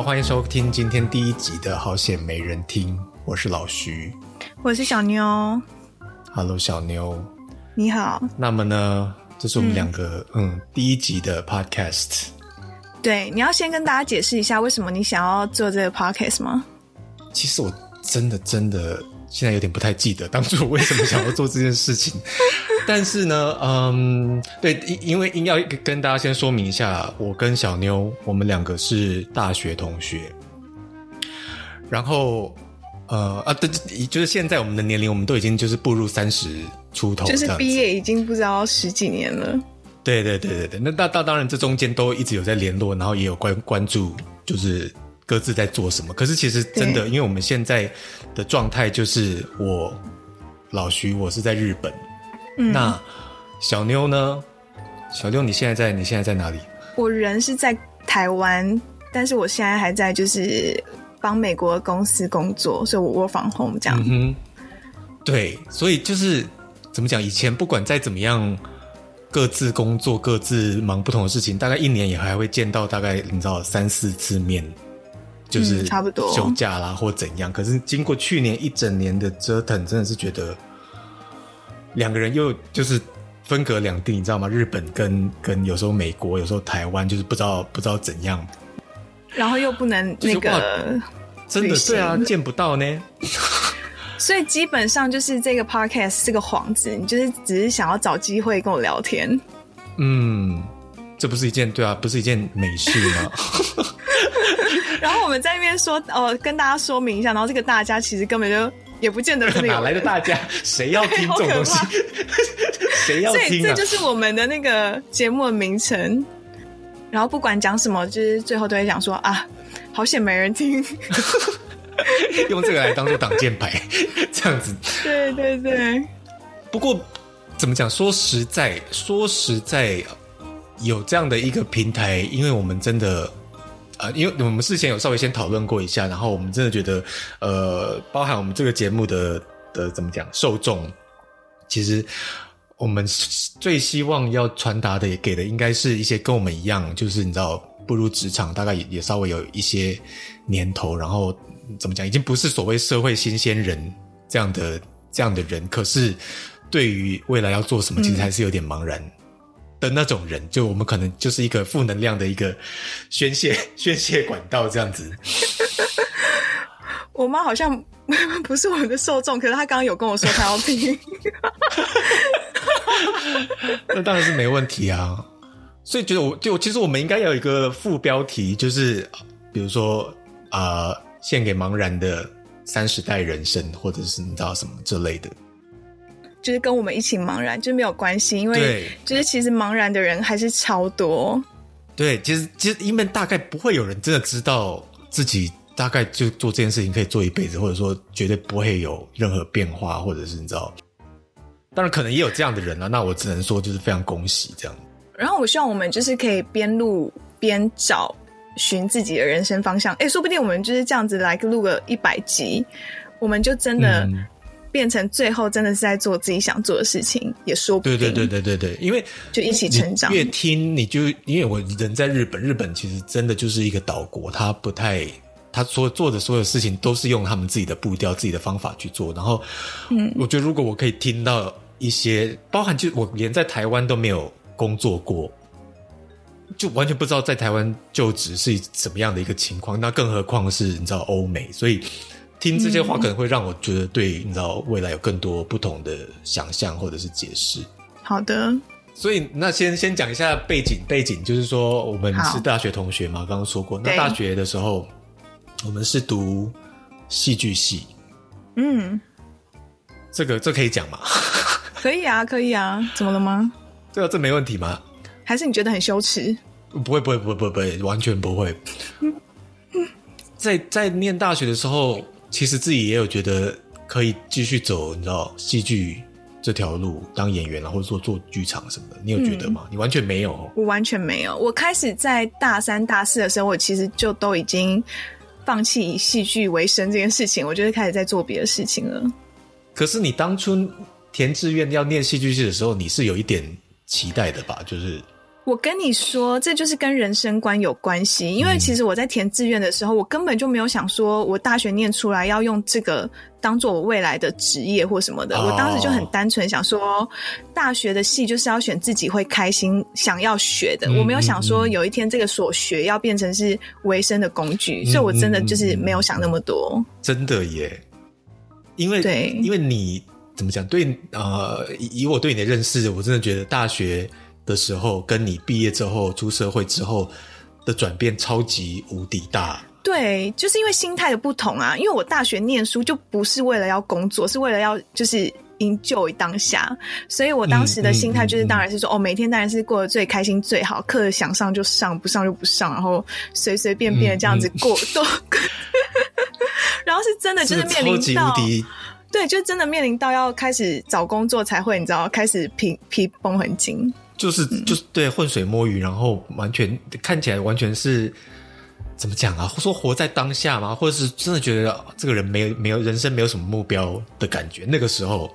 好，歡迎收聽今天第一集的《好險沒人聽》，我是老徐，我是小妞。Hello，小妞，你好。那麼呢，這是我們兩個嗯，嗯第一集的 Podcast。對，你要先跟大家解釋一下為什麼你想要做這個 Podcast 嗎？其實我真的真的現在有點不太記得當初為什麼想要做這件事情。 但是呢，嗯，對，因因為要跟大家先說明一下，我跟小妞，我們兩個是大學同學，然後，呃，啊，對，就是現在我們的年齡，我們都已經就是步入三十出頭，就是畢業已經不知道十幾年了。對，對，對，對，對，那當當當然，這中間都一直有在聯絡，然後也有關關注，就是各自在做什麼。可是其實真的，對因為我們現在的狀態就是我，老徐，我是在日本。嗯、那小妞呢？小妞，你現在在？你現在在哪裡？我人是在台灣，但是我現在還在，就是幫美國公司工作，所以我放 home 這樣、嗯。對，所以就是怎麼講？以前不管再怎麼樣，各自工作，各自忙不同的事情，大概一年也還會見到大概你知道三四次面，就是、嗯、差不多休假啦或怎樣。可是經過去年一整年的折騰，真的是覺得。兩個人又就是分隔兩地，你知道嗎？日本跟跟有時候美國，有時候台灣，就是不知道不知道怎樣，然後又不能那個，真的是啊，生見不到呢。所以基本上就是這個 podcast 是個幌子，你就是只是想要找機會跟我聊天。嗯，這不是一件對啊，不是一件美事嗎？ 然後我們在那邊說，呃，跟大家說明一下，然後這個大家其實根本就。也不見得哪來的大家，誰要聽這種東西？誰要聽啊？所以這就是我們的那個節目的名稱。然後不管講什麼，就是最後都會講說啊，好險沒人聽， 用這個來當做擋箭牌，這樣子。對對對。不過怎麼講？說實在，說實在，有這樣的一個平台，因為我們真的。呃，因為我們事前有稍微先討論過一下，然後我們真的覺得，呃，包含我們這個節目的的怎麼講，受眾，其實我們最希望要傳達的也給的，應該是一些跟我們一樣，就是你知道，步入職場，大概也也稍微有一些年頭，然後怎麼講，已經不是所謂社會新鮮人這樣的這樣的人，可是對於未來要做什麼，其實還是有點茫然。嗯的那種人，就我們可能就是一個負能量的一個宣泄宣泄管道這樣子。我媽好像不是我的受眾，可是她剛剛有跟我說她要聽。那當然是沒問題啊，所以覺得我就其實我們應該要有一個副標題，就是比如說啊、呃，獻給茫然的三十代人生，或者是你知,知道什麼之類的。就是跟我們一起茫然，就沒有關係，因為就是其實茫然的人還是超多。對，其實其實因為大概不會有人真的知道自己大概就做這件事情可以做一輩子，或者說絕對不會有任何變化，或者是你知道，當然可能也有這樣的人了、啊。那我只能說就是非常恭喜這樣。然後我希望我們就是可以邊錄邊找尋自己的人生方向。哎、欸，說不定我們就是這樣子來錄個一百集，我們就真的、嗯。變成最後真的是在做自己想做的事情，也說不定。對對對對對對，因為就一起成長。越聽你就因為我人在日本，日本其實真的就是一個島國，他不太他所做的所有事情都是用他們自己的步調、自己的方法去做。然後，嗯，我覺得如果我可以聽到一些、嗯、包含，就我連在台灣都沒有工作過，就完全不知道在台灣就職是怎麼樣的一個情況。那更何況是你知道歐美，所以。聽這些話可能會讓我覺得，對，你知道未來有更多不同的想象或者是解釋。好的，所以那先先講一下背景，背景就是說我們是大學同學嘛，剛剛好說過。那大學的時候，我們是讀戲劇系。嗯對，這個這可以講嗎？ 可以啊，可以啊，怎麼了嗎？這個這沒問題嗎？還是你覺得很羞恥？不會不會不會不會，不會完全不會。嗯嗯、在在念大學的時候。其實自己也有覺得可以繼續走，你知道戲劇這條路當演員，或者說做劇場什麼的，你有覺得嗎？嗯，你完全沒有哦？我完全沒有。我開始在大三、大四的時候，我其實就都已經放棄以戲劇為生這件事情，我就是開始在做別的事情了。可是你當初填志願要念戲劇系的時候，你是有一點期待的吧？就是。我跟你說，這就是跟人生觀有關係。因為其實我在填志願的時候，嗯、我根本就沒有想說，我大學念出來要用這個當做我未來的職業或什麼的。哦、我當時就很單純想說，大學的系就是要選自己會開心、想要學的。嗯、我沒有想說有一天這個所學要變成是維生的工具，嗯、所以我真的就是沒有想那麼多。嗯、真的耶，因為對，因為你怎麼講？對，呃，以我對你的認識，我真的覺得大學的時候，跟你畢業之後出社會之後的轉變超級無敵大。對，就是因為心態的不同啊。因為我大學念書就不是為了要工作，是為了要就是 enjoy 當下。所以我當時的心態就是，當然是說，嗯嗯嗯、哦，每天當然是過得最開心最好，課想上就上，不上就不上，然後隨隨便便的這樣子過、嗯嗯、都。 然後是真的就是面臨到，對，就真的面臨到要開始找工作才會，你知道，開始皮皮繃很緊。就是、嗯、就是對渾水摸魚，然後完全看起來完全是怎麼講啊？或說活在當下嗎？或者是真的覺得、啊、這個人沒有沒有人生沒有什麼目標的感覺？那個時候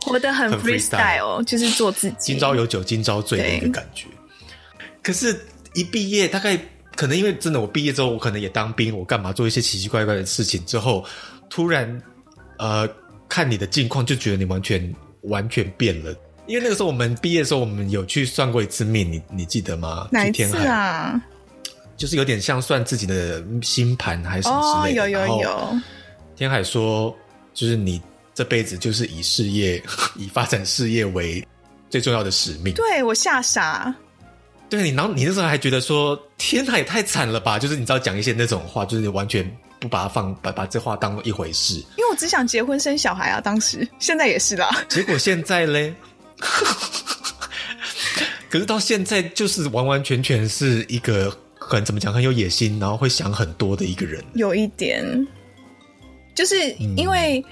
活得很 freestyle，很 freestyle、哦、就是做自己，今朝有酒今朝醉的一個感覺。對可是一，一畢業大概可能因為真的，我畢業之後我可能也當兵，我幹嘛做一些奇奇怪怪的事情？之後突然呃，看你的近況，就覺得你完全完全變了。因為那個時候我們畢業的時候，我們有去算過一次命，你你記得嗎？那一次啊，就是有點像算自己的星盤還是之類的、oh, 有，有有有，天海說，就是你這輩子就是以事業，以發展事業為最重要的使命。對，我嚇傻，對你，然後你那時候還覺得說天海太慘了吧？就是你知道講一些那種話，就是完全不把它放把把這話當一回事。因為我只想結婚生小孩啊，當時現在也是的。結果現在嘞？ 可是到現在，就是完完全全是一個很怎麼講，很有野心，然後會想很多的一個人。有一點，就是因為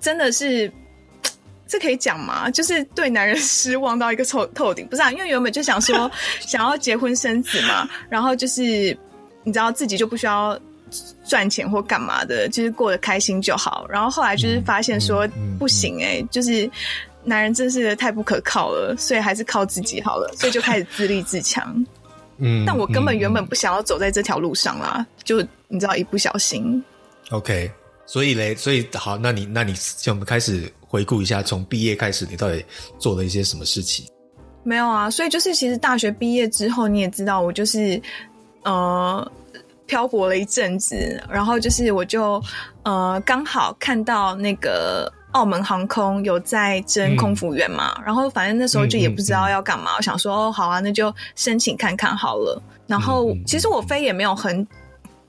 真的是這、嗯、可以講嗎？就是對男人失望到一個透透頂，不是，啊？因為原本就想說想要結婚生子嘛， 然後就是你知道自己就不需要賺錢或幹嘛的，就是過得開心就好。然後後來就是發現說不行、欸，哎、嗯，嗯嗯、就是。男人真是太不可靠了，所以還是靠自己好了。所以就開始自立自強。 嗯，但我根本原本不想要走在這條路上啦， 就你知道一不小心。OK，所以嘞？所以好，那你那你，就我們開始回顧一下，從畢業開始，你到底做了一些什麼事情？沒有啊，所以就是其實大學畢業之後，你也知道，我就是呃漂泊了一陣子，然後就是我就呃剛好看到那個。澳門航空有在徵空服員嘛。嗯、然後反正那時候就也不知道要幹嘛，嗯嗯嗯、我想說哦，好啊，那就申請看看好了。然後其實我飛也沒有很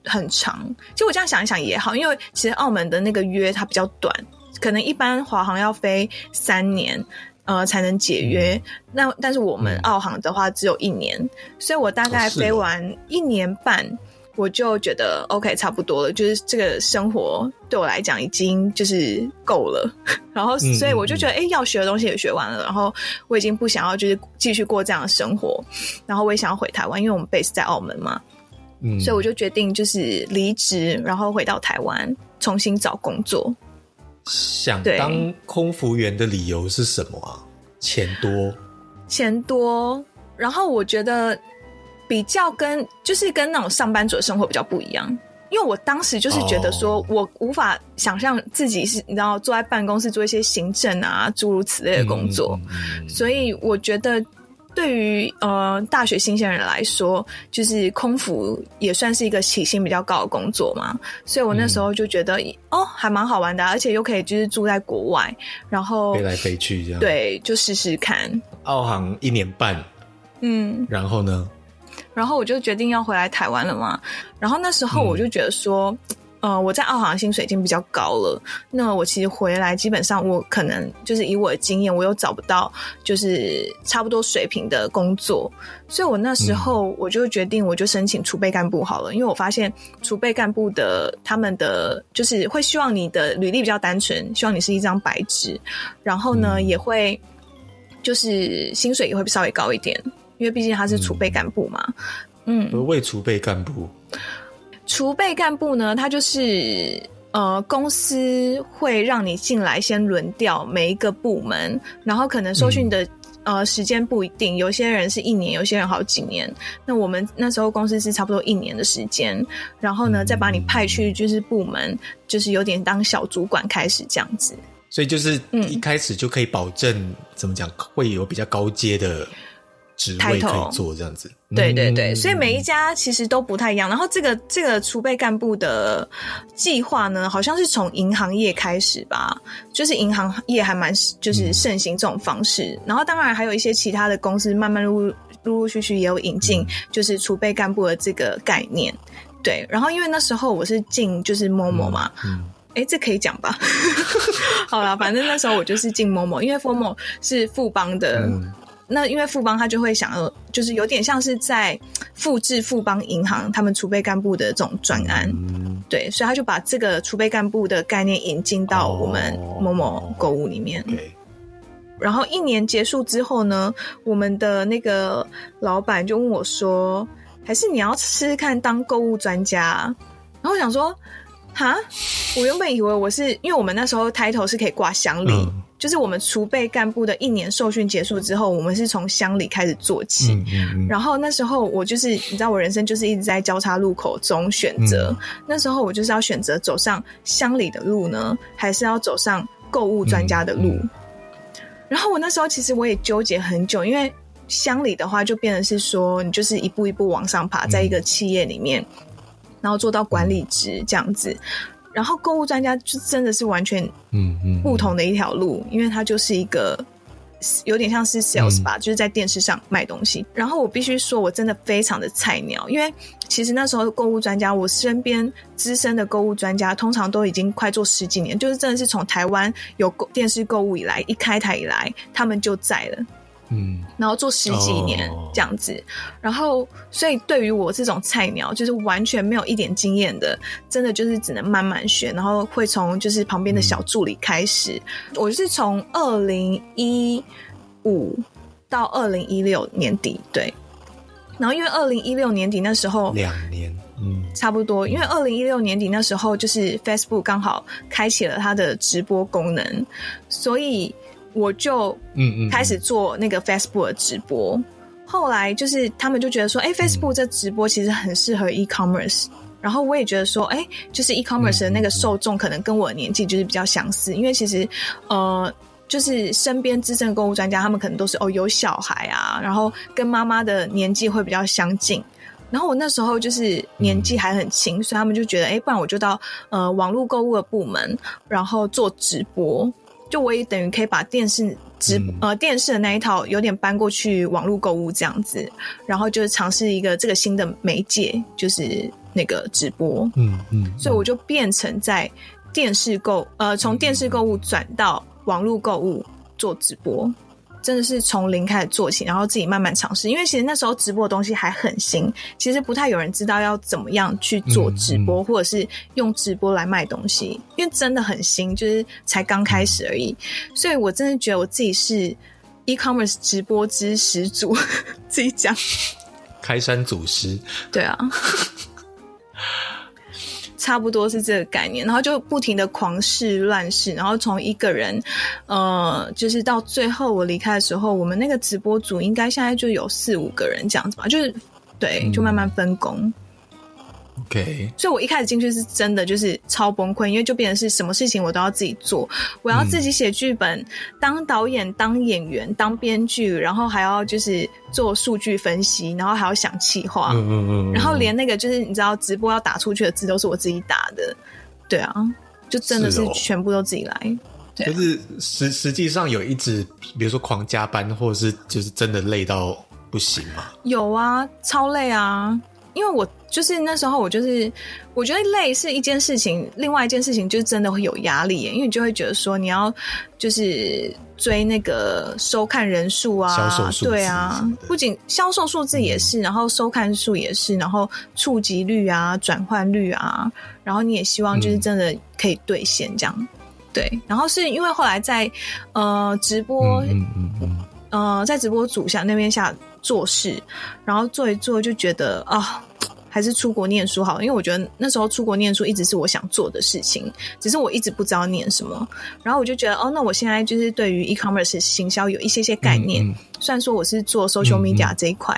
很長，其實我這樣想一想也好，因為其實澳門的那個約它比較短，可能一般華航要飛三年，呃，才能解約。嗯、那但是我們澳航的話只有一年，所以我大概飛完一年半。哦我就覺得 OK，差不多了，就是這個生活對我來講已經就是夠了。然後，所以我就覺得，哎，嗯，欸，要學的東西也學完了，然後我已經不想要就是繼續過這樣的生活，然後我也想要回台灣，因為我們 base 在澳門嘛。嗯，所以我就決定就是離職，然後回到台灣重新找工作。想當空服員的理由是什麼啊？錢多？錢多。然後我覺得。比較跟就是跟那種上班族的生活比較不一樣，因為我當時就是覺得說我無法想象自己是你知道坐在辦公室做一些行政啊諸如此類的工作，嗯嗯、所以我覺得對於呃大學新鮮人來說，就是空服也算是一個起薪比較高的工作嘛，所以我那時候就覺得、嗯、哦還蠻好玩的、啊，而且又可以就是住在國外，然後飛來飛去這樣，對，就試試看。澳航一年半，嗯，然後呢？然後我就決定要回來台灣了嘛。然後那時候我就覺得說，嗯、呃，我在澳航薪水已經比較高了，那我其實回來基本上我可能就是以我的經驗，我又找不到就是差不多水平的工作，所以我那時候我就決定我就申請儲備幹部好了，嗯、因為我發現儲備幹部的他們的就是會希望你的履歷比較單純，希望你是一張白紙，然後呢、嗯、也會就是薪水也會稍微高一點。因為畢竟他是儲備幹部嘛，嗯，嗯為儲備幹部，儲備幹部呢，他就是呃，公司會讓你進來先輪調每一個部門，然後可能受訓的、嗯、呃時間不一定，有些人是一年，有些人好幾年。那我們那時候公司是差不多一年的時間，然後呢，嗯、再把你派去就是部門，就是有點當小主管開始這樣子。所以就是一開始就可以保證、嗯、怎麼講會有比較高階的。職位做這樣子，嗯，對對對，所以每一家其實都不太一樣。然後這個這個儲備幹部的計劃呢，好像是從銀行業開始吧，就是銀行業還蠻就是盛行這種方式。嗯、然後當然還有一些其他的公司，慢慢陸陸陸續續也有引進，就是儲備幹部的這個概念。嗯、對，然後因為那時候我是進就是 Momo 嘛，哎、嗯欸，這可以講吧？ 好啦，反正那時候我就是進 Momo，因為 Momo 是富邦的。那因為富邦他就會想要，就是有點像是在複製富邦銀行他們儲備幹部的這種專案，嗯、對，所以他就把這個儲備幹部的概念引進到我們某某購物裡面。哦 okay. 然後一年結束之後呢，我們的那個老板就問我說：“還是你要試試看當購物專家？”然後我想說：“哈，我原本以為我是因為我們那時候抬頭是可以掛襄理。嗯”就是我們儲備幹部的一年受訓結束之後，我們是從鄉裡開始做起。嗯嗯嗯，然後那時候我就是，你知道，我人生就是一直在交叉路口中選擇。嗯、那時候我就是要選擇走上鄉裡的路呢，還是要走上購物專家的路？嗯嗯，然後我那時候其實我也糾結很久，因為鄉裡的話就變得是說，你就是一步一步往上爬，在一個企業裡面，嗯、然後做到管理職這樣子。然後購物專家就真的是完全，嗯，不同的一條路，嗯嗯嗯，因為他就是一個有點像是 sales 吧，嗯，就是在電視上賣東西。然後我必須說，我真的非常的菜鳥，因為其實那時候購物專家，我身邊資深的購物專家，通常都已經快做十幾年，就是真的是從台灣有購電視購物以來，一開台以來，他們就在了。嗯，然後做十幾年這樣子，哦、然後所以對於我這種菜鳥，就是完全沒有一點經驗的，真的就是只能慢慢學，然後會從就是旁邊的小助理開始。嗯、我就是從二零一五到二零一六年底，對。然後因為二零一六年底那時候兩年，嗯，差不多，因為二零一六年底那時候就是 Facebook 剛好開啟了它的直播功能，所以。我就嗯嗯，開始做那個 Facebook 的直播，嗯嗯嗯，後來就是他們就覺得說，哎，Facebook 這直播其實很適合 e-commerce，然後我也覺得說，哎，就是 e-commerce 的那個受眾可能跟我的年紀就是比較相似，嗯嗯嗯，因為其實呃，就是身邊資深的購物專家他們可能都是哦有小孩啊，然後跟媽媽的年紀會比較相近，然後我那時候就是年紀還很輕，嗯嗯，所以他們就覺得，哎，不然我就到呃網絡購物的部門，然後做直播。就，我也等於可以把電視直播呃，電視的那一套有點搬過去網絡購物這樣子，然後就是嘗試一個這個新的媒介，就是那個直播。嗯嗯，所以我就變成在電視購呃，從電視購物轉到網絡購物做直播，真的是從零開始做起，然後自己慢慢嘗試。因為其實那時候直播的東西還很新，其實不太有人知道要怎麼樣去做直播，嗯嗯、或者是用直播來賣東西。因為真的很新，就是才剛開始而已。嗯、所以我真的覺得我自己是 e-commerce 直播之始祖，自己講。開山祖師。對啊。差不多是這個概念，然後就不停的狂試亂試，然後從一個人，呃，就是到最後我離開的時候，我們那個直播組應該現在就有四五個人這樣子吧，就是對，就慢慢分工。OK，所以，我一開始進去是真的，就是超崩潰，因為就變成是什麼事情我都要自己做，我要自己寫劇本，嗯、當導演，當演員，當編劇，然後還要就是做數據分析，然後還要想企劃，嗯嗯嗯，然後連那個就是你知道直播要打出去的字都是我自己打的，對啊，就真的是全部都自己來。是哦、對就是實實際上有一直比如說狂加班，或者是就是真的累到不行嗎？有啊，超累啊。因為我就是那時候，我就是我覺得累是一件事情，另外一件事情就是真的會有壓力，因為你就會覺得說你要就是追那個收看人數啊，銷售數值，對啊，銷售數字什麼的，不僅銷售數字也是，然後收看數也是，嗯、然後觸及率啊、轉換率啊，然後你也希望就是真的可以兌現這樣，嗯、對。然後是因為後來在呃直播，嗯，嗯，嗯呃在直播組下那邊下。做事，然後做一做就覺得啊、哦，還是出國念書好，因為我覺得那時候出國念書一直是我想做的事情，只是我一直不知道念什麼。然後我就覺得哦，那我現在就是對於 e commerce 行銷有一些些概念，雖然、嗯嗯、說我是做 social media 嗯嗯這一塊，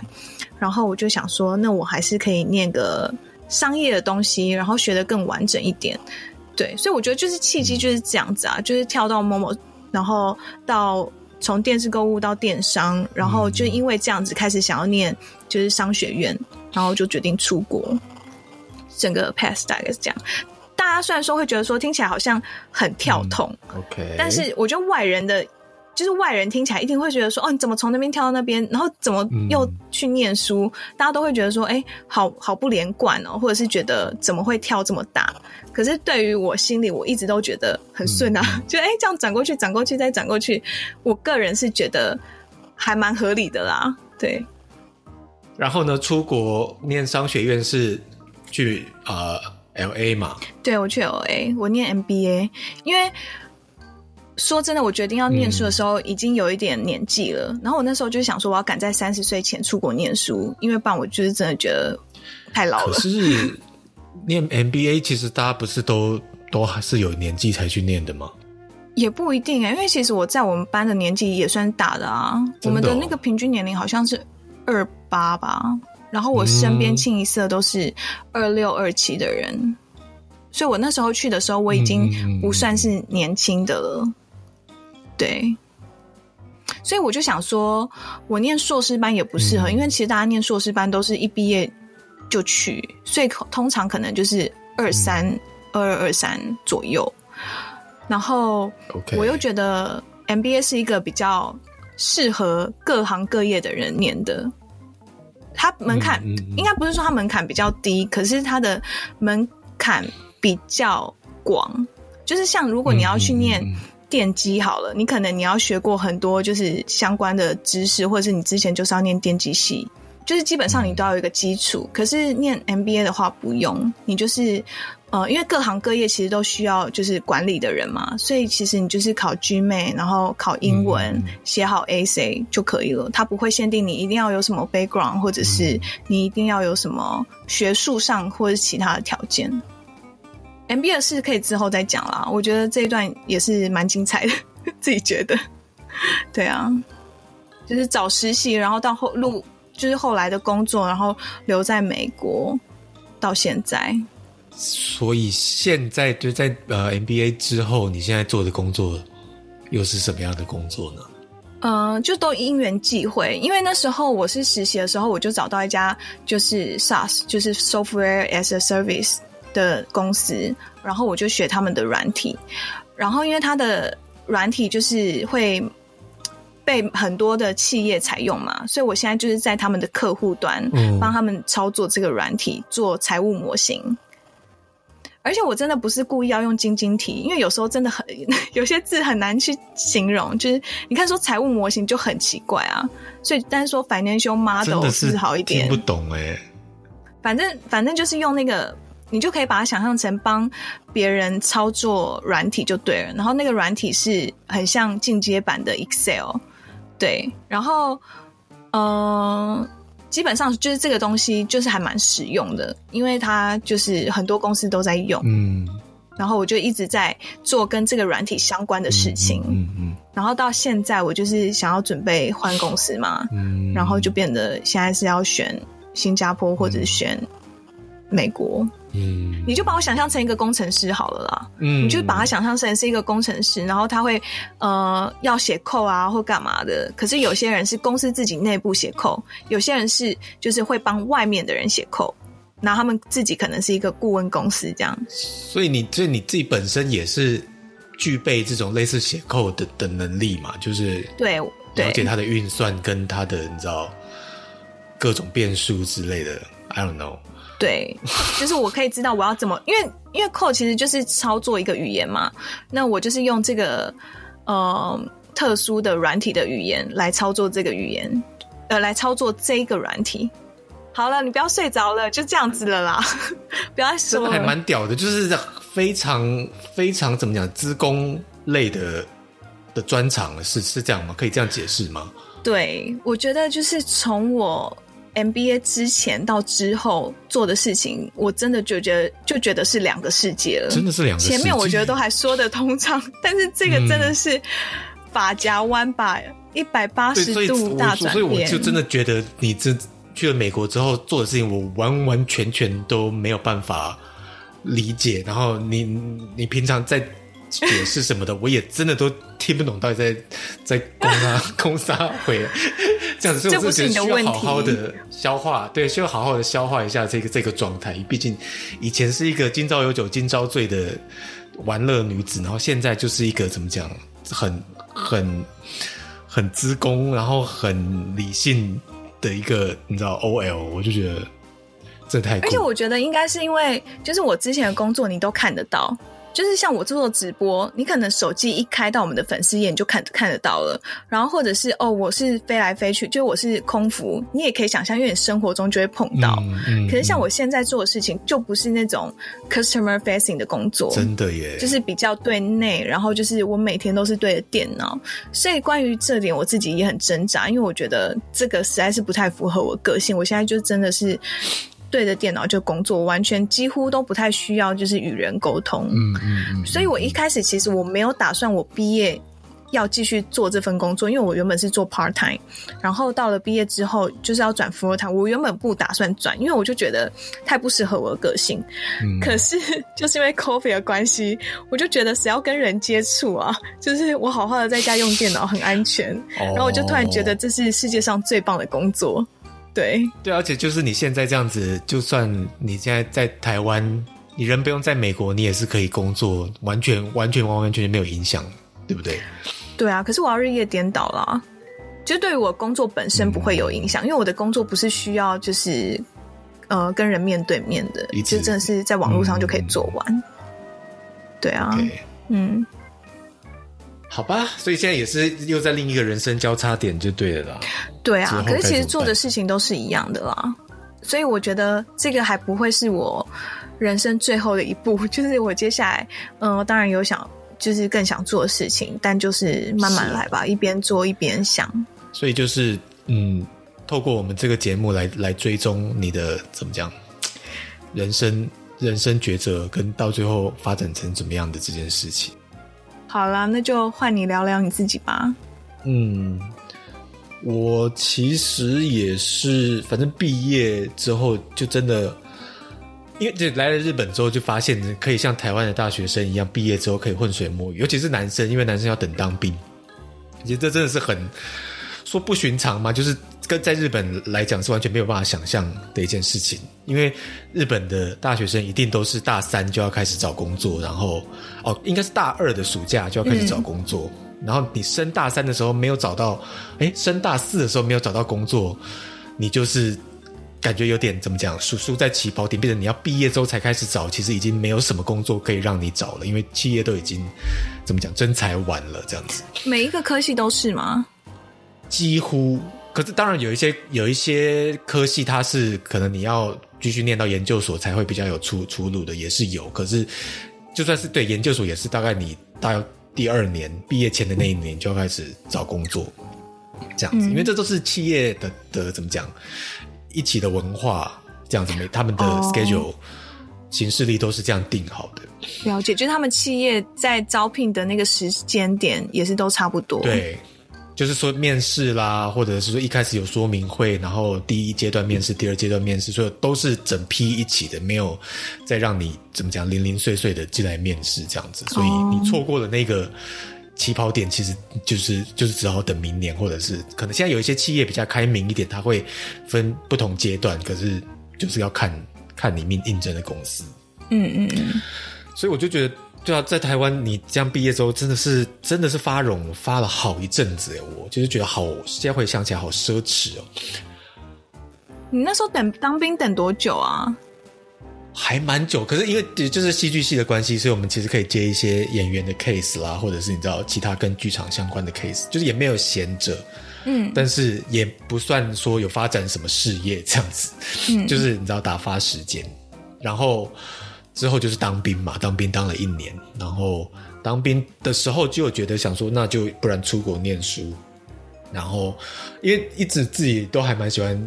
然後我就想說，那我還是可以念個商業的東西，然後學得更完整一點。對，所以我覺得就是契機就是這樣子啊，嗯、就是跳到某某，然後到。從電視購物到電商，然後就因為這樣子開始想要念，就是商學院，嗯、然後就決定出國，整個 past 大概是這樣。大家雖然說會覺得說聽起來好像很跳痛，OK，但是我覺得外人的。就是外人聽起來一定會覺得說哦，你怎麼從那邊跳到那邊，然後怎麼又去念書？嗯、大家都會覺得說，哎、欸，好好不連貫哦、喔，或者是覺得怎麼會跳這麼大？可是對於我心裡，我一直都覺得很順啊，就哎、嗯欸，這樣轉過去，轉過去，再轉過去，我個人是覺得還蠻合理的啦，對。然後呢，出國念商學院是去啊、呃、L A 嘛？對，我去 L A，我念 M B A，因為。說真的，我決定要念書的時候，已經有一點年紀了。嗯、然後我那時候就想說，我要趕在三十歲前出國念書，因為不然我就是真的覺得太老了。可是念 MBA，其實大家不是都都還是有年紀才去念的嗎？也不一定哎、欸，因為其實我在我們班的年紀也算大的啊。真的哦、我們的那個平均年齡好像是二八吧，然後我身邊清一色都是二六二七的人，嗯、所以我那時候去的時候，我已經不算是年輕的了。對，所以我就想說，我念碩士班也不適合，嗯、因為其實大家念碩士班都是一畢業就去，所以通常可能就是二三、嗯、二二二三左右。然後我又覺得 MBA 是一個比較適合各行各業的人念的，它門檻應該不是說它門檻比較低，可是它的門檻比較廣，就是像如果你要去念。電機好了，你可能你要學過很多就是相關的知識，或者是你之前就是要念電機系，就是基本上你都要有一個基礎。可是念 MBA 的話不用，你就是呃，因為各行各業其實都需要就是管理的人嘛，所以其實你就是考 GMAT，然後考英文，寫、嗯嗯、好、essay 就可以了。它不會限定你一定要有什麼 background，或者是你一定要有什麼學術上或者其他的條件。MBA 是可以之後再講啦，我覺得這一段也是蠻精彩的，自己覺得。對啊，就是找實習，然後到後路，就是後來的工作，然後留在美國到現在。所以現在就在呃 MBA 之後，你現在做的工作又是什麼樣的工作呢？嗯、呃，就都因緣際會，因為那時候我是實習的時候，我就找到一家就是 SaaS，就是 Software as a Service。的公司，然後我就學他們的軟體，然後因為他的軟體就是會被很多的企業採用嘛，所以我現在就是在他們的客戶端幫他們操作這個軟體，嗯、做財務模型，而且我真的不是故意要用晶晶體，因為有時候真的很有些字很難去形容，就是你看說財務模型就很奇怪啊，所以但是說 financial model 是好一點，聽不懂哎，欸，反正反正就是用那個。你就可以把它想象成幫別人操作軟體就對了，然後那個軟體是很像進階版的 Excel，對，然後嗯、呃，基本上就是這個東西就是還蠻實用的，因為它就是很多公司都在用，嗯，然後我就一直在做跟這個軟體相關的事情，嗯嗯，嗯嗯嗯，然後到現在我就是想要準備換公司嘛，嗯，然後就變得現在是要選新加坡或者選美國。嗯嗯，你就把我想象成一個工程師好了啦。嗯，你就把他想象成是一個工程師，然後他會呃要寫扣啊或幹嘛的。可是有些人是公司自己內部寫扣，有些人是就是會幫外面的人寫扣，然後他們自己可能是一個顧問公司這樣。所以你，所以你自己本身也是具備這種類似寫扣的的能力嘛？就是對對，了解他的運算跟他的你知道各種變數之類的，I don't know。對， 就是我可以知道我要怎麼，因為因為 code 其實就是操作一個語言嘛，那我就是用這個嗯、呃、特殊的軟體的語言來操作這個語言，呃，來操作這個軟體。好了，你不要睡着了，就這樣子了啦，不要說。這個還蠻屌的，就是非常非常怎麼講，資工類的的專長是是這樣嗎？可以這樣解釋嗎？對，我覺得就是從我。MBA 之前到之後做的事情，我真的就覺得就覺得是兩個世界了。真的是兩個世界。前面我覺得都還說得通暢，嗯、但是這個真的是髮夾彎吧，一百八十度大轉變所。所以我就真的覺得，你這去了美國之後做的事情，我完完全全都沒有辦法理解。然後你你平常在。解釋什麼的，我也真的都聽不懂，到底在在攻啊 攻殺會這樣子， 不是我自己需要好好的消化，對，需要好好的消化一下這個這個狀態。畢竟以前是一個今朝有酒今朝醉的玩樂女子，然後現在就是一個怎麼講，很很很資工，然後很理性的一個，你知道 O L，我就覺得這太……而且我覺得應該是因為，就是我之前的工作，你都看得到。就是像我做的直播，你可能手機一開到我們的粉絲頁，你就看看得到了。然後或者是哦，我是飛來飛去，就我是空服，你也可以想象，因為你生活中就會碰到。嗯嗯、可是像我現在做的事情，就不是那種 customer facing 的工作，真的耶，就是比較對內。然後就是我每天都是對着電腦，所以關於這點，我自己也很掙扎，因為我覺得這個實在是不太符合我個性。我現在就真的是。對着電腦就工作，完全幾乎都不太需要，就是與人溝通。嗯，嗯，嗯。所以，我一開始其實我沒有打算我畢業要繼續做這份工作，因為我原本是做 part time，然後到了畢業之後就是要轉 full time。我原本不打算轉，因為我就覺得太不適合我的個性。嗯。可是就是因為 COVID 的關係，我就覺得誰要跟人接觸啊，就是我好好的在家用電腦很安全。哦。然後我就突然覺得這是世界上最棒的工作。對對，而且就是你現在這樣子，就算你現在在台灣，你人不用在美國，你也是可以工作，完全完全完完全全沒有影響，對不對？對啊，可是我要日夜顛倒啦，就對於我工作本身不會有影響，嗯、因為我的工作不是需要就是呃跟人面對面的，一直、就真的是在網絡上就可以做完。嗯、對啊，Okay. 嗯。好吧，所以現在也是又在另一個人生交叉點就對了啦。對啊，可是其實做的事情都是一樣的啦。所以我覺得這個還不會是我人生最後的一步，就是我接下來，嗯、呃，當然有想就是更想做的事情，但就是慢慢來吧，啊、一邊做一邊想。所以就是嗯，透過我們這個節目來來追蹤你的怎麼講人生人生抉擇，跟到最後發展成怎麼樣的這件事情。好了，那就換你聊聊你自己吧。嗯，我其實也是，反正畢業之後就真的，因為這來了日本之後，就發現可以像台灣的大學生一樣，畢業之後可以渾水摸魚，尤其是男生，因為男生要等當兵。其實這真的是很說不尋常嗎？就是。跟在日本來講是完全沒有辦法想象的一件事情，因為日本的大學生一定都是大三就要開始找工作，然後哦，應該是大二的暑假就要開始找工作，嗯、然後你升大三的時候沒有找到，哎，升大四的時候沒有找到工作，你就是感覺有點怎麼講輸，輸在起跑點，變成你要畢業之後才開始找，其實已經沒有什麼工作可以讓你找了，因為企業都已經怎麼講徵才完了這樣子。每一個科系都是嗎？幾乎。可是，當然有一些有一些科系，它是可能你要繼續念到研究所才會比較有出出路的，也是有。可是就算是對研究所，也是大概你到第二年畢業前的那一年就要開始找工作，這樣子，嗯、因為這都是企業的的怎麼講，一起的文化這樣子，沒他們的 schedule 行事曆、哦、都是這樣定好的。了解，就是他們企業在招聘的那個時間點也是都差不多。對。就是說面試啦，或者是說一開始有說明會，然後第一階段面試，第二階段面試，所以都是整批一起的，沒有再讓你怎麼講零零碎碎的進來面試這樣子。所以你錯過了那個起跑點，其實就是就是只好等明年，或者是可能現在有一些企業比較開明一點，他會分不同階段，可是就是要看看你面應徵的公司。嗯嗯，所以我就覺得。對啊，在台灣，你這樣畢業之後真，真的是，真的是發榮發了好一陣子哎、欸，我就是覺得好，現在回想起來好奢侈哦。你那時候等當兵等多久啊？還蠻久，可是因為就是戲劇系的關係，所以我們其實可以接一些演員的 case 啦，或者是你知道其他跟劇場相關的 case，就是也沒有閒着，嗯，但是也不算說有發展什麼事業這樣子，嗯，就是你知道打發時間，然後。之後就是當兵嘛，當兵當了一年，然後當兵的時候就覺得想說，那就不然出國念書，然後因為一直自己都還蠻喜歡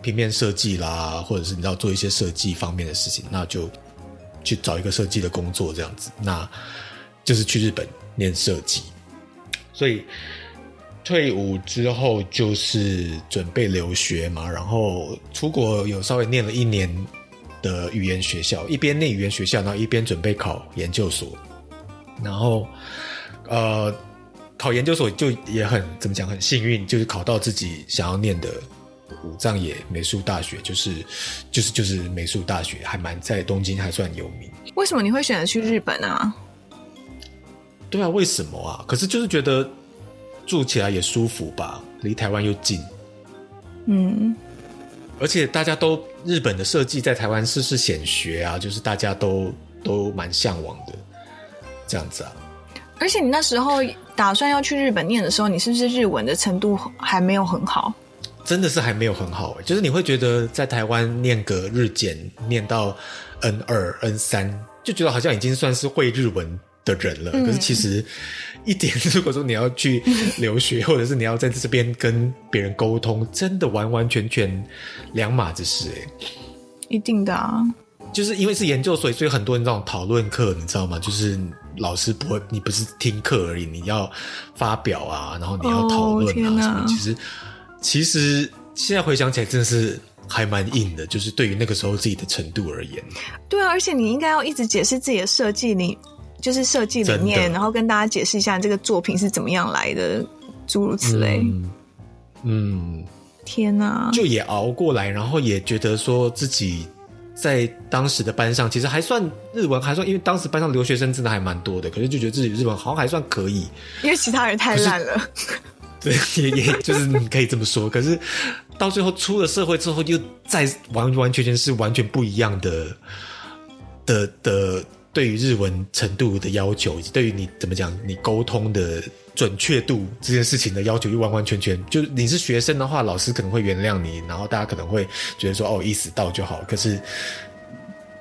平面設計啦，或者是你知道做一些設計方面的事情，那就去找一個設計的工作這樣子，那就是去日本念設計。所以退伍之後就是準備留學嘛，然後出國有稍微念了一年的語言學校，一邊念語言學校，然後一邊準備考研究所，然後，呃，考研究所就也很怎麼講，很幸運，就是考到自己想要念的武藏野美術大學，就是就是就是美術大學，還蠻在東京還算有名。為什麼你會選擇去日本啊？對啊，為什麼啊？可是就是覺得住起來也舒服吧，離台灣又近。嗯。而且大家都日本的設計在台灣是是顯學啊，就是大家都都蠻嚮往的這樣子啊。而且你那時候打算要去日本念的時候，你是不是日文的程度還沒有很好？真的是還沒有很好誒，就是你會覺得在台灣念個日檢，念到 N2 N3，就覺得好像已經算是會日文的人了，可是其實一點，如果說你要去留學，嗯、或者是你要在這邊跟別人溝通，真的完完全全兩碼子事哎，一定的啊，就是因為是研究所，所以所以很多人這種討論課，你知道嗎？就是老師不會，你不是聽課而已，你要發表啊，然後你要討論啊什麼。哦，天啊、其實其實現在回想起來，真的是還蠻硬的，就是對於那個時候自己的程度而言，對啊，而且你應該要一直解釋自己的設計，你。就是設計理念，的然後跟大家解釋一下這個作品是怎麼樣來的，諸如此類。嗯，嗯天哪、啊，就也熬過來，然後也覺得說自己在當時的班上其實還算日文，還算因為當時班上留學生真的還蠻多的，可是就覺得自己日文好像還算可以。因為其他人太爛了。對，也也就是你可以這麼說。 可是到最後出了社會之後，又再完完全全是完全不一樣的的的。的對於日文程度的要求，以及對於你怎麼講，你溝通的準確度這件事情的要求，又完完全全，就是你是學生的話，老師可能會原諒你，然後大家可能會覺得說哦，意思到就好。可是，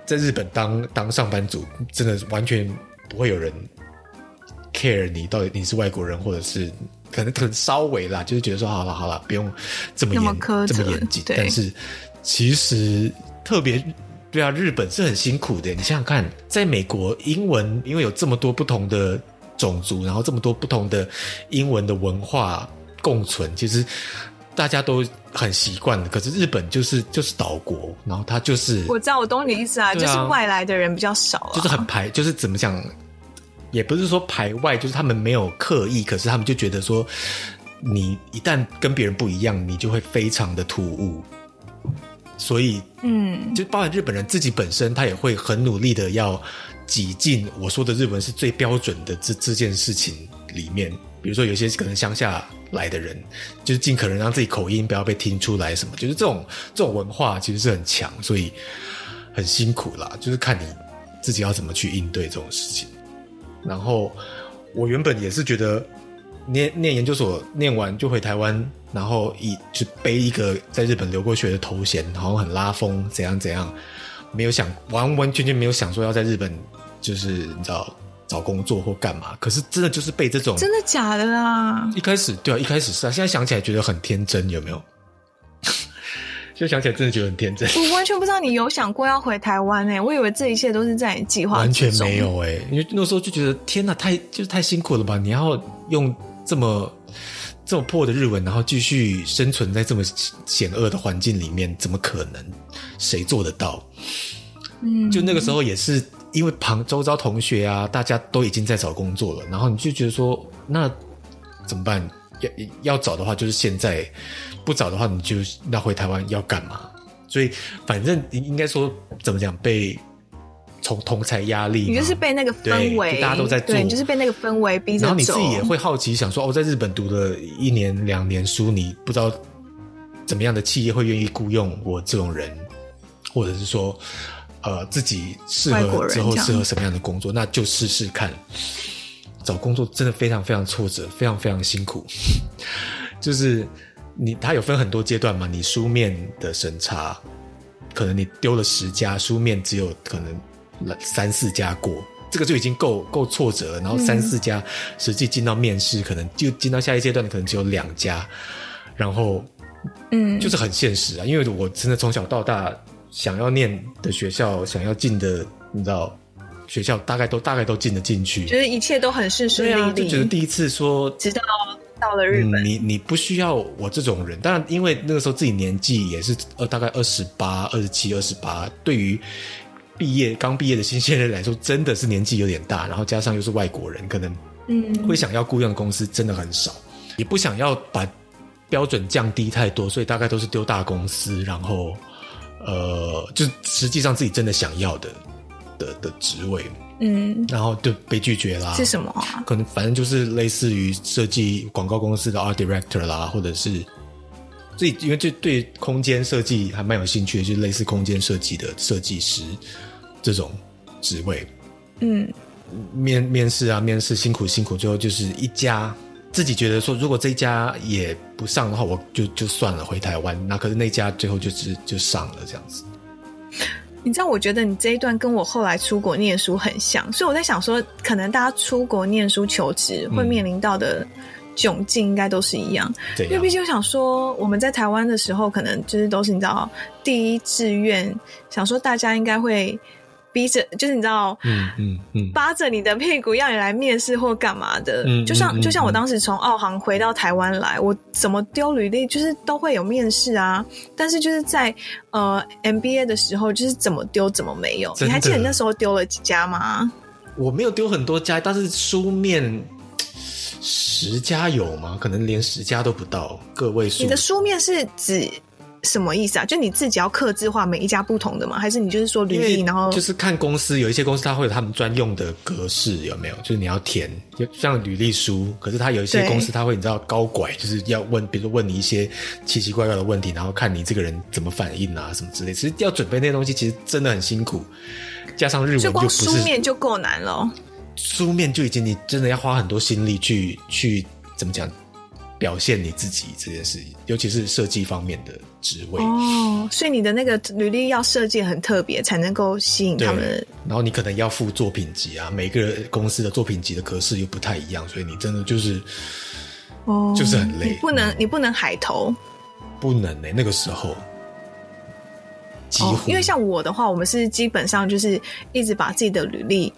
在日本當當上班族，真的完全不會有人 care 你到底你是外國人，或者是可能可能稍微啦，就是覺得說好了好了，不用這麼嚴苛，這麼嚴謹。對。但是其實特別。對啊，日本是很辛苦的。你想想看，在美國，英文因為有這麼多不同的種族，然後這麼多不同的英文的文化共存，其實大家都很習慣的。可是日本就是就是島國，然後它就是我知道，我懂你意思啊，啊就是外來的人比較少啊，就是很排，就是怎麼講，也不是說排外，就是他們沒有刻意，可是他們就覺得說，你一旦跟別人不一樣，你就會非常的突兀。所以，嗯，就包含日本人自己本身，他也會很努力的要擠進我說的日文是最標準的這這件事情裡面。比如說，有些可能鄉下來的人，就是儘可能讓自己口音不要被聽出來什麼。就是這種這種文化其實是很強，所以很辛苦啦。就是看你自己要怎麼去應對這種事情。然後我原本也是覺得。念念研究所念完就回台灣，然後以就是、背一個在日本留過學的頭銜，好像很拉風，怎樣怎樣，沒有想完完全全沒有想說要在日本就是你知道找工作或幹嘛，可是真的就是背這種真的假的啦。一開始對啊，一開始是啊，現在想起來覺得很天真，有沒有？ 就想起來真的覺得很天真。我完全不知道你有想過要回台灣呢、欸，我以為這一切都是在計劃，完全沒有哎、欸，因為那個、時候就覺得天哪、啊，太就太辛苦了吧，你要用。這麼這麼破的日文，然後繼續生存在這麼險惡的環境裡面，怎麼可能？誰做得到？嗯，就那個時候也是因為旁周遭同學啊，大家都已經在找工作了，然後你就覺得說，那怎麼辦？要要找的話就是現在，不找的話你就那回台灣要幹嘛？所以反正應該說怎麼講被。從同儕壓力，你就是被那個氛圍，大家都在對，你就是被那個氛圍逼着走，然後你自己也會好奇，想說：“哦，在日本讀了一年、兩年書，你不知道怎麼樣的企業會願意僱傭我這種人，或者是說，呃，自己適合之後適合什麼樣的工作，那就試試看。”找工作真的非常非常挫折，非常非常辛苦。 就是你，它有分很多階段嘛，你書面的審查，可能你丟了十家，書面只有可能。三四家過，這個就已經夠夠挫折了，然後三、嗯、四家實際進到面試，可能就進到下一階段的可能只有兩家。然後，嗯，就是很現實啊。因為我真的從小到大想要念的學校，想要進的，你知道，學校大概都大概都進得進去。覺得一切都很順順利利。啊、就覺得第一次說，直到到了日本，嗯、你你不需要我這種人。當然，因為那個時候自己年紀也是大概二十八、二十七、二十八，對於。畢業剛畢業的新鮮人來說，真的是年紀有點大，然後加上又是外國人，可能嗯會想要僱用的公司真的很少，嗯，也不想要把標準降低太多，所以大概都是丟大公司，然後呃，就實際上自己真的想要的的的職位，嗯，然後就被拒絕啦。是什麼啊？可能反正就是類似於設計廣告公司的 Art Director 啦，或者是自己因為就對對空間設計還蠻有興趣的，就類似空間設計的設計師。這種職位，嗯，面面試啊，面試辛苦辛苦，最後就是一家自己覺得說，如果這一家也不上的話，我就就算了，回台灣。那可是那家最後就是就上了這樣子。你知道，我覺得你這一段跟我後來出國念書很像，所以我在想說，可能大家出國念書求職會面臨到的窘境，應該都是一樣。嗯，這樣。因為畢竟我想說，我們在台灣的時候，可能就是都是你知道，第一志願想說大家應該會。逼着就是你知道，嗯嗯嗯，嗯嗯扒着你的屁股要你來面試或幹嘛的，嗯，就像就像我當時從澳航回到台灣來，嗯嗯嗯、我怎麼丟履歷就是都會有面試啊，但是就是在呃 MBA 的時候，就是怎麼丟怎麼沒有，的你還記得你那時候丟了幾家嗎？我沒有丟很多家，但是書面十家有嗎？可能連十家都不到，個位數。你的書面是指？什麼意思啊？就你自己要客製化每一家不同的嗎？還是你就是說履歷，然後就是看公司有一些公司它會有他們專用的格式，有沒有？就是你要填，就像履歷書。可是他有一些公司，他會你知道高拐，對就是要問，比如說問你一些奇奇怪怪的問題，然後看你這個人怎麼反應啊，什麼之類的。其實要準備那些東西，其實真的很辛苦。加上日文就不是，就光書面就夠難了。書面就已經你真的要花很多心力去去怎麼講表現你自己這件事情，尤其是設計方面的。職位哦，所以你的那個履歷要設計很特別，才能夠吸引他們。然後你可能要附作品集啊，每個公司的作品集的格式又不太一樣，所以你真的就是，哦，就是很累。你不能，嗯、你不能海投，不能呢、欸，那個時候，幾乎、哦、因為像我的話，我們是基本上就是一直把自己的履歷，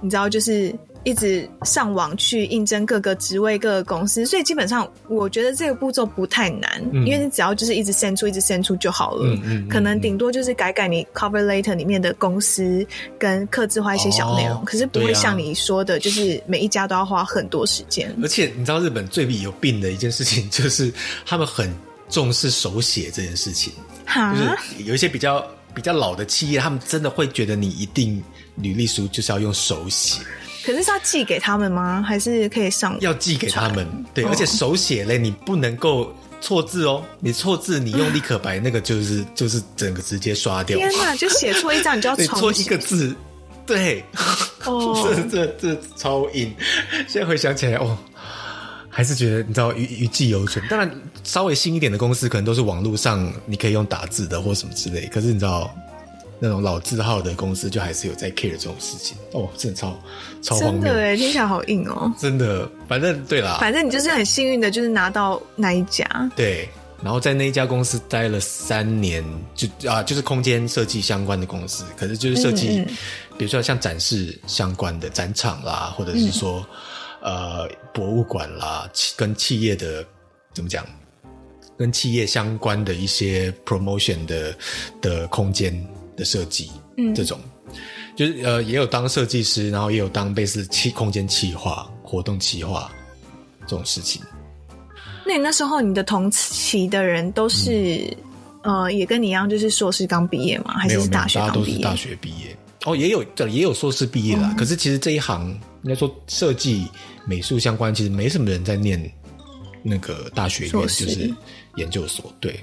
你知道，就是。一直上網去應徵各個職位、各個公司，所以基本上我覺得這個步驟不太難，嗯、因為你只要就是一直伸出、一直伸出就好了。嗯嗯嗯、可能頂多就是改改你 cover letter 裡面的公司跟客製化一些小內容，哦、可是不會像你說的，啊、就是每一家都要花很多時間。而且你知道日本最有病的一件事情，就是他們很重視手寫這件事情。哈有一些比較比較老的企業，他們真的會覺得你一定履歷書就是要用手寫。可是，是要寄給他們嗎？還是可以上？要寄給他們，對，哦、而且手寫嘞，你不能夠錯字哦，你錯字，你用立可白那個就是、嗯、就是整個直接刷掉。天哪，就寫錯一張，你就要重寫 一個字。對，哦、 這這，這超硬。現在回想起來，哦，還是覺得你知道餘餘悸猶存。當然，稍微新一點的公司，可能都是網絡上你可以用打字的或什麼之類。可是你知道？那種老字號的公司就還是有在 care 這種事情哦，真的超超荒謬，哎！聽起來好硬哦，喔，真的。反正對啦，反正你就是很幸運的，就是拿到那一家對，然後在那一家公司待了三年，就啊，就是空間設計相關的公司，可是就是設計，嗯嗯比如說像展示相關的展場啦，或者是說，嗯、呃博物館啦，跟企業的怎麼講，跟企業相關的一些 promotion 的的空間。的設計，嗯，這種就是呃，也有當設計師，然後也有當類似氣空間企劃、活動企劃這種事情。那你那時候你的同期的人都是、嗯、呃，也跟你一樣，就是碩士剛畢業嗎？還是，是大學大家都是大學畢業哦，也有這也有碩士畢業啦。嗯、可是其實這一行應該說設計、美術相關，其實沒什麼人在念那個大學院，念碩士就是研究所，對，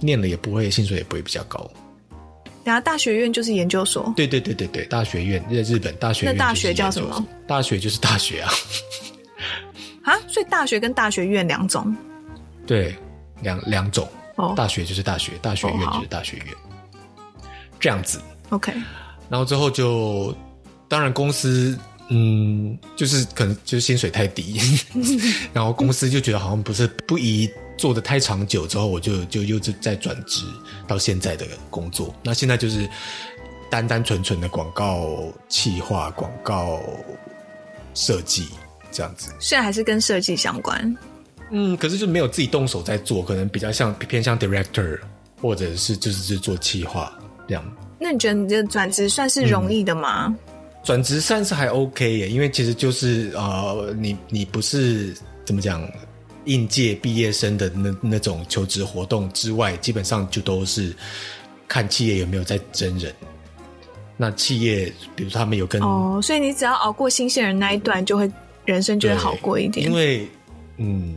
念了也不會，薪水也不會比較高。然後大學院就是研究所。對對對對對，大學院在日本大學。那大學叫什麼？大學就是大學啊。啊，所以大學跟大學院兩種。對，兩兩種。哦，大學就是大學，大學院就是大學院，這樣子。OK。然後之後就，當然公司，嗯，就是可能就是薪水太低，然後公司就覺得好像不是不宜。做的太長久之後，我就就又在轉職到現在的工作。那現在就是單單純純的廣告企劃、廣告設計這樣子。雖然還是跟設計相關，嗯，可是就沒有自己動手在做，可能比較像偏向 director，或者是就是做做企劃這樣。那你覺得你的轉職算是容易的嗎？轉職、嗯、算是還 OK 耶，因為其實就是呃，你你不是怎麼講？應屆畢業生的那那種求職活動之外，基本上就都是看企業有沒有在徵人。那企業，比如他們有跟哦，所以你只要熬過新鮮人那一段，就會人生就會好過一點。因為嗯，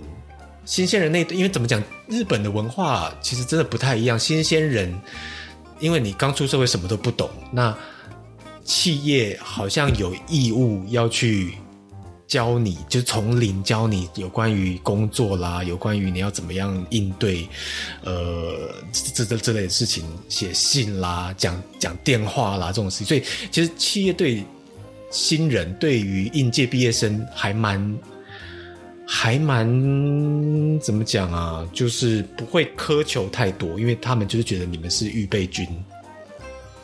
新鮮人那一段，因為怎麼講，日本的文化其實真的不太一樣。新鮮人，因為你剛出社會什麼都不懂，那企業好像有義務要去。嗯教你就是從零教你有關於工作啦，有關於你要怎麼樣應對，呃，這這這類的事情，寫信啦，講講電話啦，這種事情。所以其實企業對新人，對於應屆畢業生還蠻還蠻怎麼講啊？就是不會苛求太多，因為他們就是覺得你們是預備軍，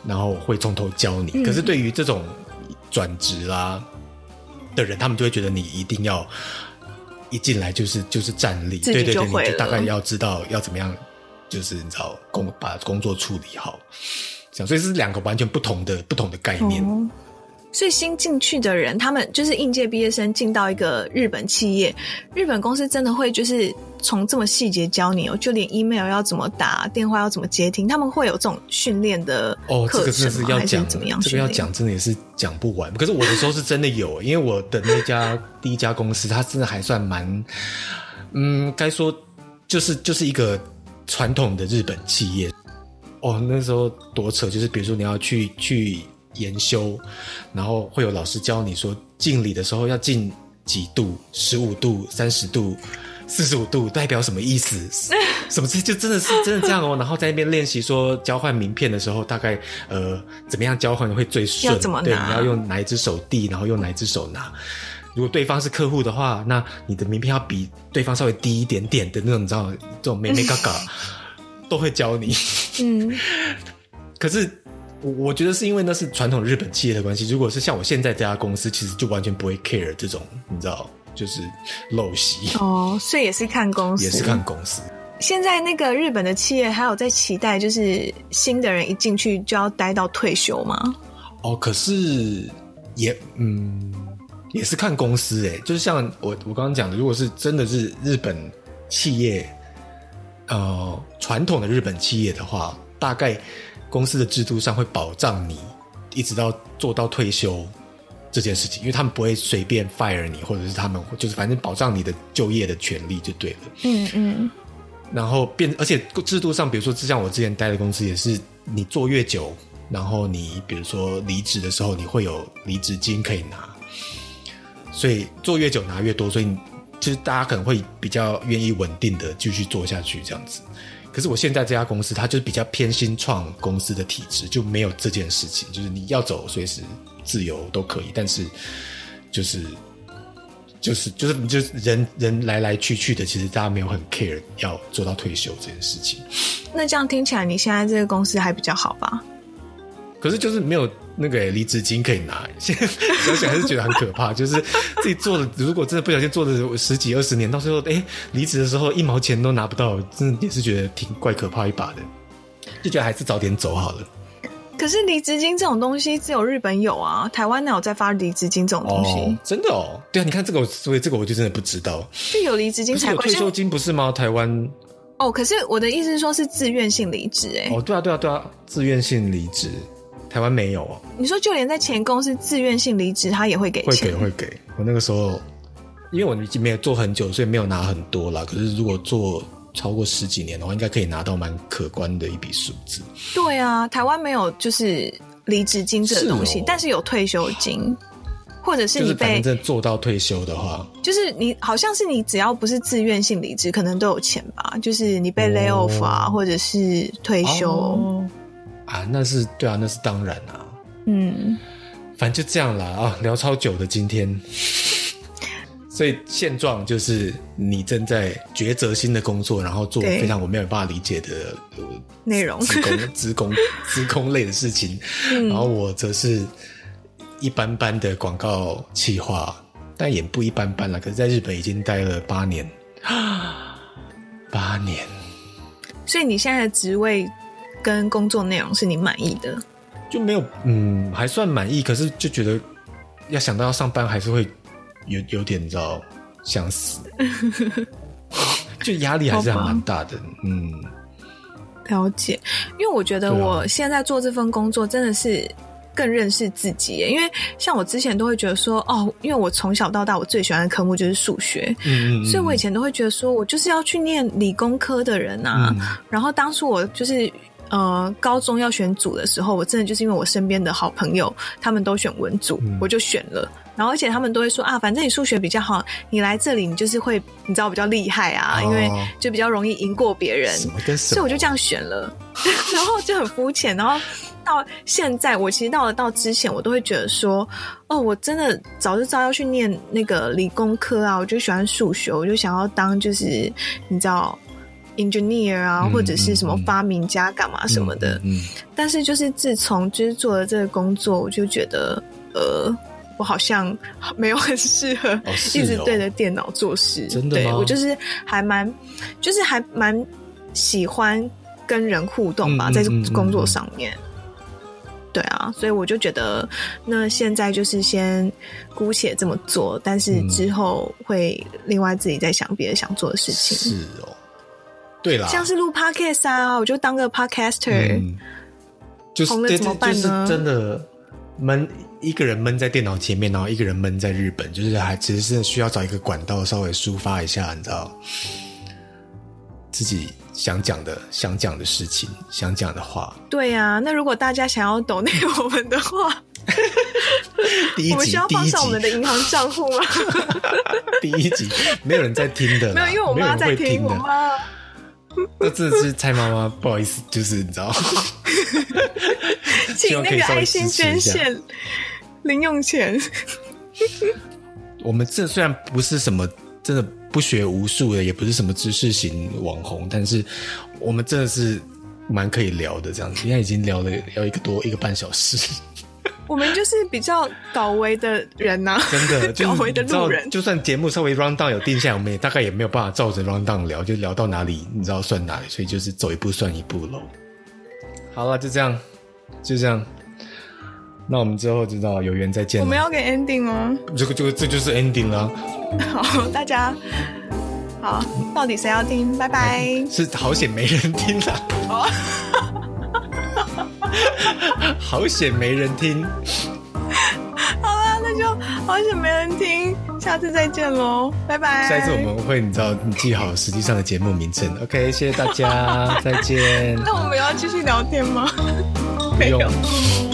然後會從頭教你。嗯。可是對於這種轉職啦。的人，他們就會覺得你一定要一進來就是就是站立，對對對，你就大概要知道要怎麼樣，就是你知道，工把工作處理好，這樣，所以是兩個完全不同的不同的概念。嗯所以新進去的人，他們就是應屆畢業生進到一個日本企業，日本公司真的會就是從這麼細節教你哦，就連 email 要怎麼打，電話要怎麼接聽，他們會有這種訓練的課程嗎？哦，這個是要講，還是怎麼樣？這個要講真的也是講不完。可是我的時候是真的有，因為我的那家 第一家公司，它真的還算蠻，嗯，該說就是就是一個傳統的日本企業。哦，那時候多扯，就是比如說你要去去。研修，然後會有老師教你說，敬禮的時候要敬幾度，十五度、三十度、四十五度，代表什麼意思？ 什麼就真的是真的這樣哦？ 然後在那邊練習說，交換名片的時候，大概呃怎麼樣交換會最順？要怎麼拿？對，你要用哪一隻手遞，然後用哪一隻手拿？如果對方是客戶的話，那你的名片要比對方稍微低一點點的那種，你知道這種眉眉角角 都會教你。 嗯，可是。我覺得是因為那是傳統日本企業的關係。如果是像我現在這家公司，其實就完全不會 care 這種，你知道，就是陋習哦。所以也是看公司，也是看公司。現在那個日本的企業還有在期待，就是新的人一進去就要待到退休嗎？哦，可是也嗯，也是看公司哎、欸。就是像我我剛剛講的，如果是真的是日本企業，呃，傳統的日本企業的話，大概。公司的制度上會保障你一直到做到退休這件事情，因為他們不會隨便 fire 你，或者是他們就是反正保障你的就業的權利就對了。嗯嗯。然後變，而且制度上，比如說，就像我之前待的公司也是，你做越久，然後你比如說離職的時候，你會有離職金可以拿，所以做越久拿越多，所以其實大家可能會比較願意穩定的繼續做下去這樣子。可是我現在這家公司，它就是比較偏新創公司的體制，就沒有這件事情。就是你要走，隨時自由都可以，但是就是就是就是就是人人來來去去的，其實大家沒有很 care 要做到退休這件事情。那這樣聽起來，你現在這個公司還比較好吧？可是就是沒有。那個離職金可以拿，想 想還是覺得很可怕。 就是自己做的，如果真的不小心做的十幾二十年，到時候哎離職的時候一毛錢都拿不到，真的也是覺得挺怪可怕一把的，就覺得還是早點走好了。可是離職金這種東西只有日本有啊，台灣哪有在發離職金這種東西？哦，真的哦？對啊，你看這個，所以這個我就真的不知道。是有離職金才有退休金不是嗎？台灣哦，可是我的意思是說，是自願性離職哎。哦，對啊，對啊，對啊，自願性離職。台灣沒有哦、喔。你說就連在前公司自願性離職，他也會給錢？會給會給，我那個時候，因為我已經沒有做很久，所以沒有拿很多啦。可是如果做超過十幾年的話，應該可以拿到蠻可觀的一筆數字。對啊，台灣沒有就是離職金這東西，是喔、但是有退休金，或者是你被真正做到退休的話，就是你好像是你只要不是自願性離職，可能都有錢吧？就是你被 lay off 啊，哦、或者是退休。哦啊，那是對啊，那是當然啊。嗯，反正就這樣啦啊，聊超久的今天，所以現狀就是你正在抉擇新的工作，然後做非常我沒有辦法理解的內對、呃、容，資工、資工、資工 類的事情。嗯、然後我則是一般般的廣告企劃，但也不一般般了。可是在日本已經待了八年啊，八年。所以你現在的職位？跟工作內容是你滿意的，就沒有嗯，還算滿意，可是就覺得要想到要上班，還是會有有點，你知道，想死 就壓力還是蠻大的，吧嗯。了解，因為我覺得我現在做這份工作真的是更認識自己耶，因為像我之前都會覺得說，哦，因為我從小到大我最喜歡的科目就是數學，嗯，嗯，嗯，所以我以前都會覺得說我就是要去念理工科的人啊，嗯、然後當初我就是。呃，高中要選組的時候，我真的就是因為我身邊的好朋友他們都選文組，嗯、我就選了。然後，而且他們都會說啊，反正你數學比較好，你來這裡你就是會，你知道比較厲害啊，哦、因為就比較容易贏過別人，所以我就這樣選了。然後就很膚淺。然後到現在， 我其實到了到之前，我都會覺得說，哦，我真的早就知道要去念那個理工科啊，我就喜歡數學，我就想要當就是你知道。Engineer 啊，嗯、或者是什麼發明家幹嘛什麼的，嗯嗯嗯、但是就是自從就是做了這個工作，我就覺得呃，我好像沒有很適合一直對着電腦做事。哦哦。真的嗎？對，我就是還蠻，就是還蠻喜歡跟人互動吧，在工作上面。嗯嗯嗯嗯、對啊，所以我就覺得，那現在就是先姑且這麼做，但是之後會另外自己再想別的想做的事情。嗯、是哦。對啦，像是錄 podcast 啊，我就當個 podcaster、嗯。就是怎麼辦呢？就是、真的悶，一個人悶在電腦前面，然後一個人悶在日本，就是還其實是需要找一個管道，稍微抒發一下，你知道？自己想講的、想講的事情、想講的話。對啊，那如果大家想要斗內我們的話， 第一集 我們需要放上我們的銀行賬戶嗎？ 第一集沒有人在聽的，沒有，因為我媽在聽，聽的我媽。那這真的是蔡媽媽， 不好意思，就是你知道。 請那個愛心捐獻，零用錢。我們這雖然不是什麼真的不學無術的，也不是什麼知識型網紅，但是我們真的是蠻可以聊的，這樣子，現在已經聊了要一個多一個半小時。我們就是比較倒楣的人吶、啊，真的，倒、就、楣、是、 的路人。就算節目稍微 run down 有定下來我們也大概也沒有辦法照着 run down 聊，就聊到哪裡，你知道算哪裡，所以就是走一步算一步嘍。好了，就這樣，就這樣。那我們之後就到有緣再見。我們要給 ending 哦，這個，這個，這就，就，就，就，就是 ending 了。 好，大家好，到底誰要聽？拜拜。是好險沒人聽啊。 好險沒人聽！好了，那就好險沒人聽，下次再見嘍，拜拜！下一次我們會你知道你記好實際上的節目名稱。OK，謝謝大家， 再見。那我們要繼續聊天嗎？沒有。